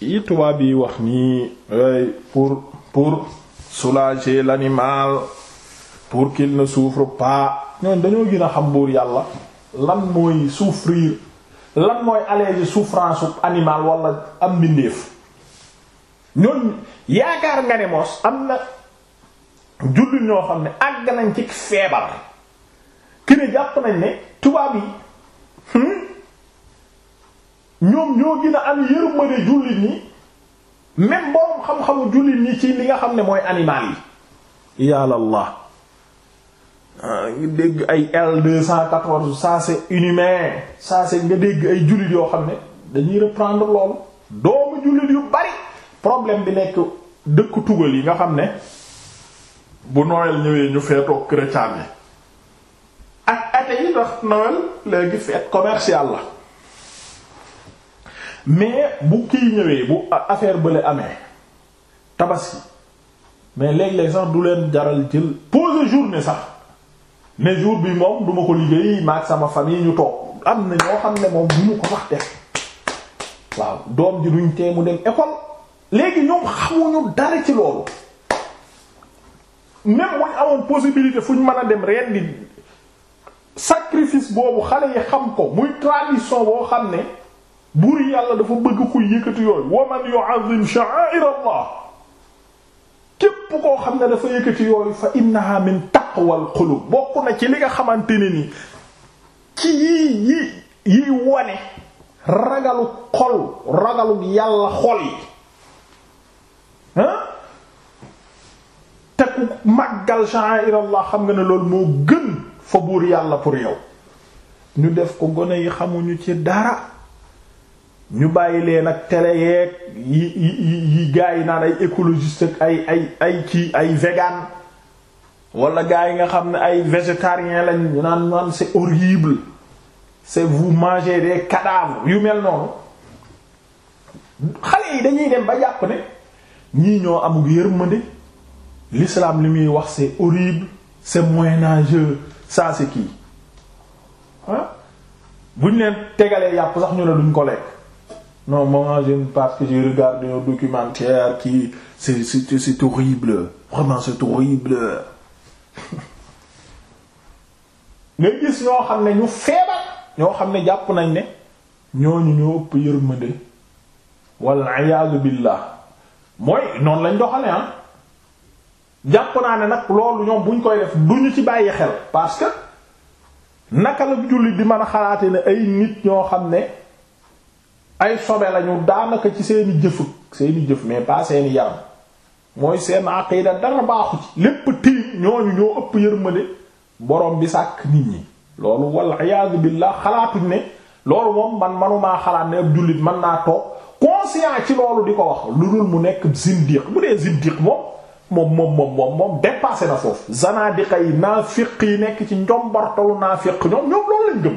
yi tubaab yi wax nii eh, pour pour soulager l'animal pour qu'il ne souffre pas ñoon dañoo gën a xam buur yàlla lan mooy souffrir lan mooy alléger souffrance animal wala am mbindeef ñoon yaakaar nga ne moos am na jullit ñoo xam ne àgg nañ ci feebar ki ne jàpp nañ ne tubaab yi hmm, ñoom ñoo gën a am yërmande jullit ñi même boroom xam-xamu jullit ñi ci li nga xam ne mooy animal yi yàllallah ah, ngi dégg ay L214 ça c'est inhumain ça c'est nga dégg ay jullit yoo xam ne dañuy reprendre loolu doomu jullit yu bari problème bi nekk dëkk tugal yi nga xam ne bu Noël ñëwee ñu feetoo chrétien yi ak ate yi ndax Noël léegi fête commerciale la mais bu kii ñëwee bu affaire bële amee tabaski mais léeg-léeg sax du leen daral jël pause journée sax ne jour bi moom duma ko liggéey maak sama famille ñu toog am na ñoo xam ne moom bu ko wax def waaw doom ji duñ tee mu dem école léegi ñoom xamuñu dara ci loolu même muñ amoon possibilité fuñ mën a dem ren di sacrifice boobu xale yi xam ko muy tradition boo xam ne buur yàlla dafa bëgg ku yëkkati yooyu wa man yu'azzim sha'a'ir Allah képp koo xam ne dafa yëkkati yooyu fa innaha min taqwal qulub bokk na ci li nga xamante ne ni ci yii yi yiy wone ragalu xol ragalu yàlla xol yi ah te ku màggal sha'a'ir Allah xam nga ne loolu moo gën fa buur yàlla pour yow ñu def ko gone yi xamuñu ci dara ñu bàyyi leen ak télé yeeg yi yi yi gaa yi naan ay écologiste ak ay ay ay ci ay vegan wala gaa yi nga xam ne ay végétarien lañ ñu naan naan c'est horrible c'est vous mangez des cadavres yu mel noonu xale yi dañuy dem ba jàpp ne ñii ñoo amug yërmande l'islam li muy wax c'est horrible c'est moyenâgeux ça c'est kii ah buñ leen tegalee yàpp sax ñu ne duñ ko lekk. non moi j'aime parce que j'ai regardé un documentaire qui c'est c'est c'est horrible vraiment c'est horrible nga gis ñoo xam ne ñu feebar ñoo xam ne jàpp nañ ne ñooñu ñoo ëpp yërmande walla iyaadu billah mooy noonu lañ doxale ah jàpp naa ne nag loolu ñoom buñ koy def duñu ci bàyyi xel parce que naka la jullit di mën a xalaate ne ay nit ñoo xam ne ay sobe lañu daanaka ci seeni jëf seeni jëf mais pas seeni yaram mooy seen aqida dara baaxu ci lépp tiim ñooñu ñoo ëpp yërmande borom bi sàkk nit ñi loolu walla iyaadu billaah xalaatuñ ne loolu moom man manumaa xalaat ne ab jullit mën naa toog conscient ci loolu di ko wax lu dul mu nekk zindiq bu dee zindiq moom moom moom moom moom moom dépassé na foofu zanadiqa yi naafiq yi nekk ci njombartalu naafiq ñoom ñoom loolu lañ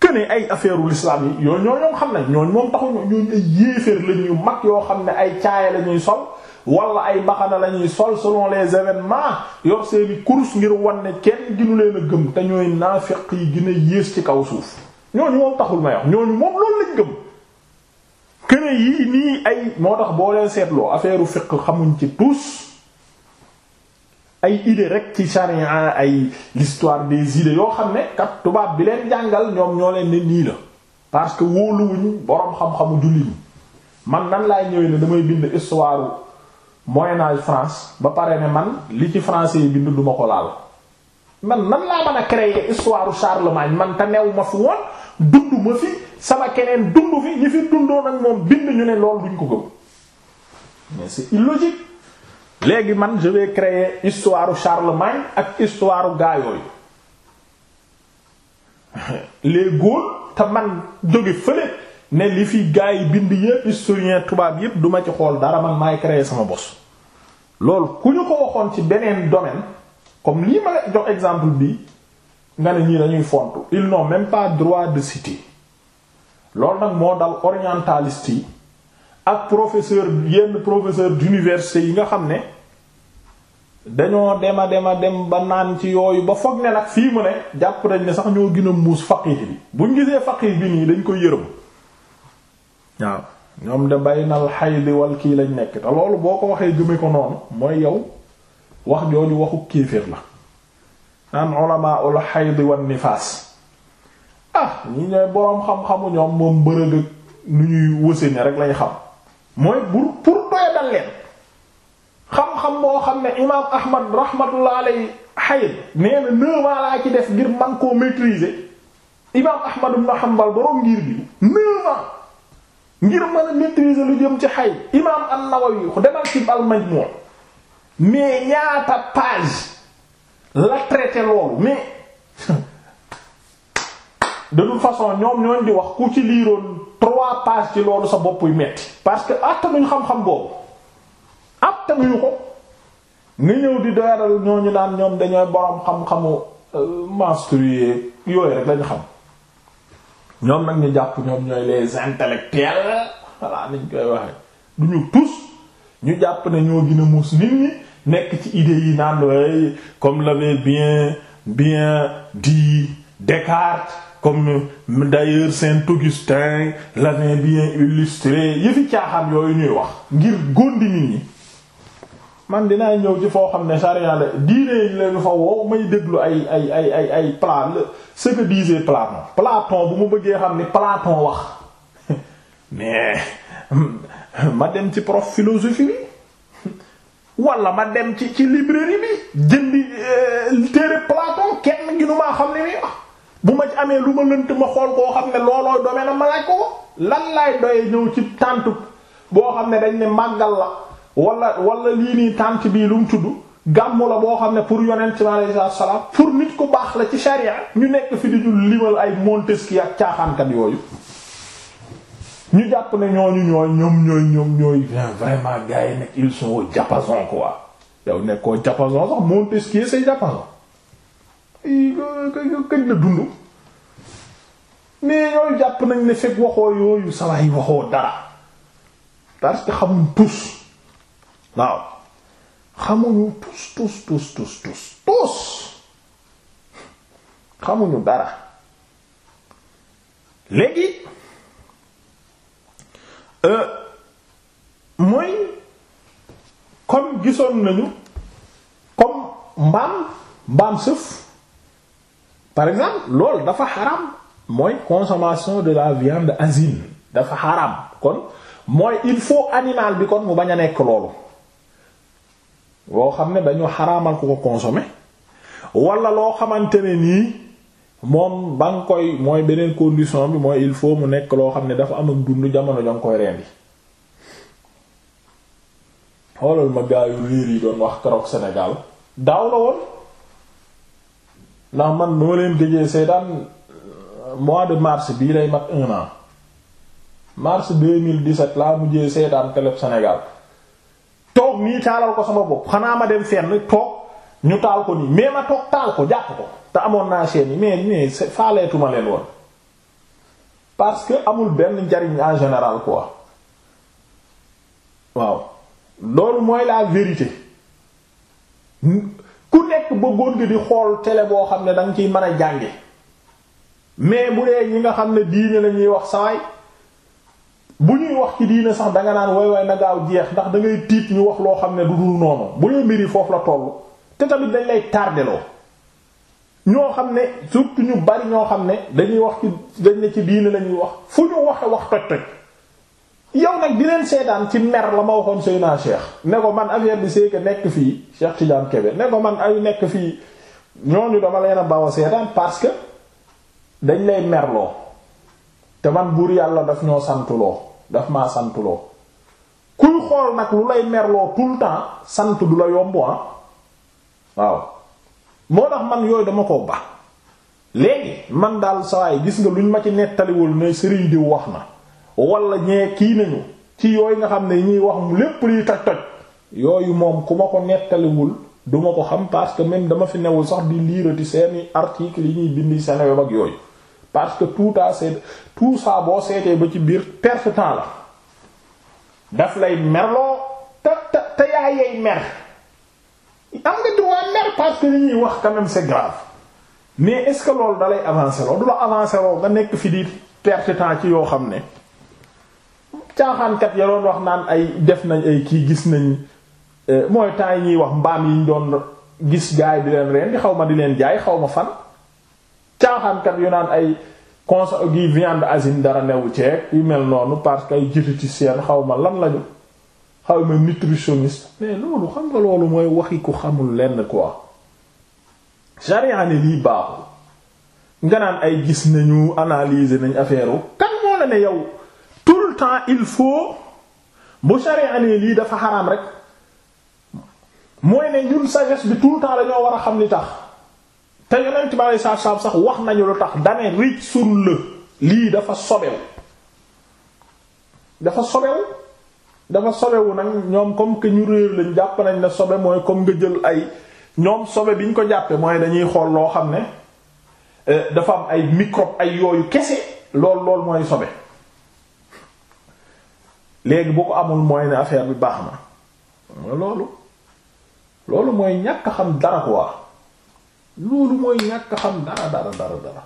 que ay affaire u l'islam yi yooyu ñooñu xam nañ ñooñu moom taxu ñooñu ay yéeféer lañ yu mag yoo xam ne ay caaya la sol walla ay mbaxana lañuy sol selon les événements yor seeni course ngir won ne kenn ginu leen a gëm te ñooy naafiq yi gën a yées ci kaw suuf ñooñu moom taxul ma wax ñooñu moom loolu lañ gëm que ne yii nii ay moo tax boo leen seetloo affaire u fiqh xamuñ ci tous ay idée rek ci charia ay l'histoire des idées yoo xam ne kat tubaab bi leen jàngal ñoom ñoo leen ne nii la parce que wóoluwuñ boroom xam-xamu julli ñi man nan laay ñëwee ne damay bind histoire Moyen Âge France ba pare ne man li ci français yi bind duma ko laal man nan laa mën a créer histoire Charlemagne man te new ma fi woon dund ma fi sama keneen dund fi ñi fi dundoon ak moom bind ñu ne lool duñ ko gëm léegi man je créer histoire Charlemagne ak histoire gaa yooyu les Gaules te man jóge fële ne li fi gaa yi bind yépp historien tubaab yépp duma ci xool dara man maay créer sama bos loolu ku ñu ko waxoon ci beneen domaine comme lii ma la jox exemple bi nga ne ñii dañuy fontu ils n'ont même pas droit de citer loolu nag moo dal orientaliste yi ak professeur yenn professeur d'université yi nga xam ne dañoo dema dema dem ba naan ci yooyu ba foog ne nag fii mu ne jàpp nañ ne sax ñoo gina mbuus muus bi buñ gisee faqih bi nii dañ koy yërëm waaw ñoom de baynal xayd wal kii lañ nekk te loolu boo ko waxee gëme ko noonu mooy yow wax jooju waxu kéeféer la naan ulama ul xayd wan nifaas ah ñi ñooy boroom xam-xamu ñoom moom bërëg ak nu ñuy wëse ni rek lay xam mooy pour pour doyadal leen xam-xam boo xam ne imaam Ahmad rahmatullah alayhi xayb nee na neuf laa ci def ngir man koo maîtriser imaam Ahmad ibn Hanbal borom ngir bi neuf ngir mën a lu jëm ci xay imaam an-Nawawi demal ci al-Majmu' mais ñaata page la traité loolu mais. de toute façon ñoom ñooñ di wax ku ci liiroon trois pages ci loolu sa bopp yu metti parce que attanuñ xam-xam boobu attanuñu ko nga ñëw di doyaral ñooñu naan ñoom dañooy borom xam-xamu euh, menstrué yooyu rek lañu xam ñoom nag ñu jàpp ñoom ñooy les intellectuels voilà niñ koy waxee du ñu tous ñu jàpp ne ñoo gën muus nit ñi nekk ci idées yi naan way comme l'avait bien bien di Descartes comme d'ailleurs Saint-Augustin l'avait bien illustré yëfi caaxaan yooyu ñuy wax ngir gondi nit ñi man dinaa ñëw ci foo xam ne charia la diine lañu fa wow may déglu ay ay ay ay ay plat ce que disait Platon bu mu bëggee xam ni Platon wax mais ma dem ci prof philosophie bi wala ma dem ci ci librairie bi jëndi euh, téere Platon kenn gi nu maa xam ne mi wax bu ma ci amee lu ma lënt ma xool koo xam ne looloo doome na ma laaj ko lan laay doye ñëw ci tànt boo xam ne dañ ne màggal la wala wala lii nii tànt bii lu mu tudd gàmmu la boo xam ne pour yonent bi alayhi salaam pour nit ku baax la ci sharia ñu nekk fi di ñu limal ay Montesquieu ak caaxaankat yooyu ñu jàpp ne ñooñu ñooy ñoom ñooy ñoom ñooy vraiment gars yi nekk ils sont au diapason quoi yow nekkoo diapason sax Montesquieu c'est diapason kañ na dund mais yooyu jàpp nañ ne fekk waxoo yooyu sawaay waxoo dara parce que xamuñ tus waaw xamuñu tus tus tus tus xamuñu dara léegi euh, mooy comme gisoon nañu comme mbaam mbaam sëf par exemple lool dafa xaram mooy consommation de la viande asine dafa xaram kon mooy il faut animal bi kon mu bañ a nekk loolu loo xam ne dañoo xaraamal ku ko consommer wala loo xamante ne nii moom ba nga koy mooy beneen condition bi mooy il faut mu nekk loo xam ne dafa am ak dund jamono ñoo nga koy rendi xoolal ma gaayu riir yi doon wax keroog Sénégal daaw la woon ndax man moo leen gëjee seetaan mois de mars bii lay mat un an mars 2017 laa mujjee seetaan Télé Sénégal toog nii taalal ko sama bopp xanaa ma dem fenn toog ñu taal ko nii mais ma toog taal ko jàpp ko te amoon naa chaîne yi mais faaleetuma leen woon parce que amul benn njariñ en général quoi waaw loolu mooy la vérité ku nekk bëggoon nga di xool télé boo xam ne danga ciy mën a jànge mais bu dee ñi nga xam ne diine la ñuy wax sawaay bu ñuy wax ci diine sax danga naan way way na gaaw jeex ndax da tiit ñu wax loo xam ne du dul noonu bu dee mbiri foofu la tollu te tamit dañ lay tardeloo ñoo xam ne surtout ñu bari ñoo xam ne dañuy wax ci dañ ne ci diine la ñuy wax fu ñu waxe wax toj toj yow nag di leen seetaan ci mer la ma waxoon Seyna Cheikh ne ko man affaire bi c'est nekk fii Cheikh Tidiane Kébé ne ko man ay nekk fii ñooñu dama leen a baw a seetaan parce que dañ lay merloo te man buur yàlla daf ñoo santuloo daf maa santuloo kuy xool nag lu lay merloo tout le temps sant du la yomb ah waaw moo tax man yooyu dama ko ba léegi man daal sawaay gis nga luñ ma ci nettaliwul ne sëriñ diw wax na wala ñee kii nañu ci yooyu nga xam ne ñuy wax mu lépp liy toj toj yooyu moom ku ma ko nettaliwul duma ko xam parce que même dama fi newul sax di liirati seeni articles yi ñuy bindi Seneweb ak yooyu parce que tout à c'est tout saaboo seetee ba ci biir perte temps la daf lay merloo te te yaa yey mer am nga droit mer parce que li ñuy wax quand même c'est grave mais est-ce que loolu dalay avancer loolu du la avancer loolu nga nekk fi di perte temps ci yoo xam ne caaxaankat ya doon wax naan ay def nañ ay kii gis nañ eh, mooy temps yi wax mbaam yi ñu doon gis gaay di leen reen di xaw ma di leen jaay xaw ma fan caaxaankat yu naan ay cons gi viande asine dara newu ceeg yu mel noonu parce que ay diététicien xaw ma lan lañu xaw ma nutritionniste mais loolu xam nga loolu mooy waxi ku xamul lenn quoi sharia ne lii baaxul nga naan ay gis nañu analyser nañ affaire kan moo la ne yow temps il faut bu sharia ne lii dafa xaraam rek mooy ne ñun sagesse bi tout le temps dañoo war a xam ni tax te yonent bi aleyhi salaatu salaam sax wax nañu lu tax dane rij sur la lii dafa sobew dafa sobew dafa sobewu nag ñoom comme que ñu réer lañ jàpp nañ ne sobe mooy comme nga jël ay ñoom sobe bi ñu ko jàppe mooy dañuy xool loo xam ne eh, dafa am ay microbe ay yooyu kese lool lool mooy sobe léegi bu ko amul mooy ne affaire bi baax na loolu loolu mooy ñàkk xam dara quoi loolu mooy ñàkk xam dara dara dara dara